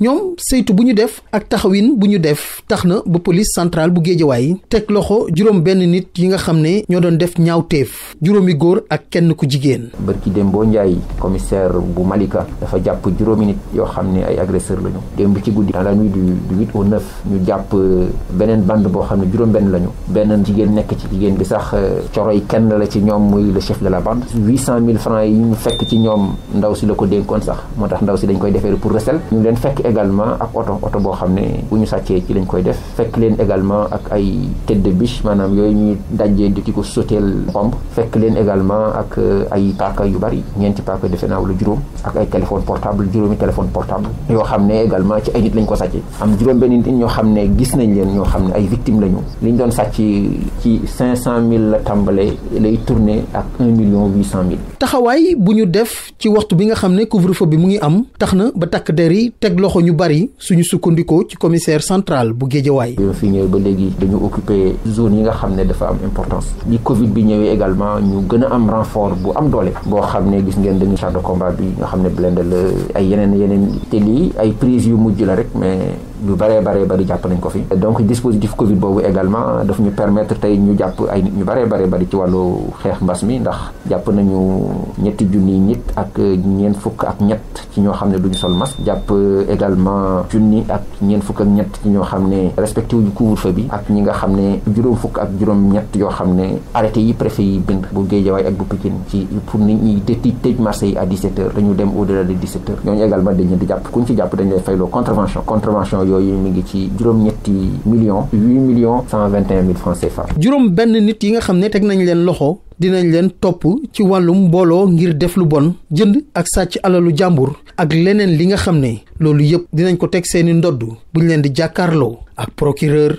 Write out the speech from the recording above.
ñoom saytu bu ñu def ak taxawin bu ñu def tax na ba police centrale bu géejawaay teg loxo juróom benn nit yi nga xam ne ñoo doon def ñaawteef juróomi góor ak kenn ku jigéen bërki démboo njaay commissaire bu malika dafa jàpp juróomi nit yoo xam ne ay agresseur lañu démb ci guddi dans la nuit du 8 au 9 ñu jàpp euh, beneen bande boo xam ne juróom benn lañu beneen jigéen nekk ci jigéen bi sax euh, coroy kenn la ci ñoom muy le chef de la bande 800 000 francs yi ñu fekk ci ñoom ndaw si la ko dénkoon sax moo tax ndaw si dañ koy defeere pour recel également ak oto oto boo xam ne bu ñu sàccee ci lañ koy def fekk leen également ak ay tête de biche maanaam yooyu ñuy dajjee di ko soteel pompe fekk leen également ak euh, ay paaka yu bari ñeenti paaka defe naa wala juróom ak ay téléphone portable juróomi téléphone portable yoo xam ne également ci ay nit lañ ko sàccee am juróom benn nit ñoo xam ne gis nañ leen ñoo xam ne ay victimes lañu liñ doon sàcc ci cinq cent mille la tàmbale lay tourner ak un million huit cent mille taxawaay bu ñu def ci waxtu bi nga xam ne couvre-feu bi mu ngi am tax na ba takk der yi teg loxo loxo ñu bari suñu sukkandikoo ci commissaire central bu Géejawaay. bi ma ñëwee ba léegi dañu occupé zone nga xam ne dafa am importance bi Covid bi ñëwee également ñu gën a am renfort bu am doole boo xam ne gis ngeen dañu char de combat bi nga xam ne blindé la ay yeneen yeneen te lii ay prise yu mujj la rek mais. lu bëree bëree bari jàpp nañ ko fi donc dispositif Covid boobu également daf ñu permettre tey ñu jàpp ay nit ñu bëree bëree bari ci wàllu xeex mbas mi ndax jàpp nañu ñetti junniy nit ak ñeent fukk ak ñett ci ñoo xam ne duñu sol masque jàpp euh, également junni ak ñeent fukk ñoo xam ne respecté wuñu couvre-feu bi ak ñi juróom fukk ak juróom ñett yoo xam ne arrêté bu Guédiawaye ak bu Pikine ci pour nit ñi déti tëj marché yi à 17 heures dañu dem au delà de 17 heures ñooñu également dañ leen di jàpp kuñ ci jàpp dañ juróom-ñetti millions millions 121 mille francs CFA juróom benn nit yi nga xam ne teg nañ leen loxo dinañ leen topp ci wàllum mbooloo ngir def lu bon jënd ak sàcc alalu jàmbur ak leneen li nga xam ne loolu yépp dinañ ko teg seeni ndodd buñ leen di jàkkaarloo ak procureur.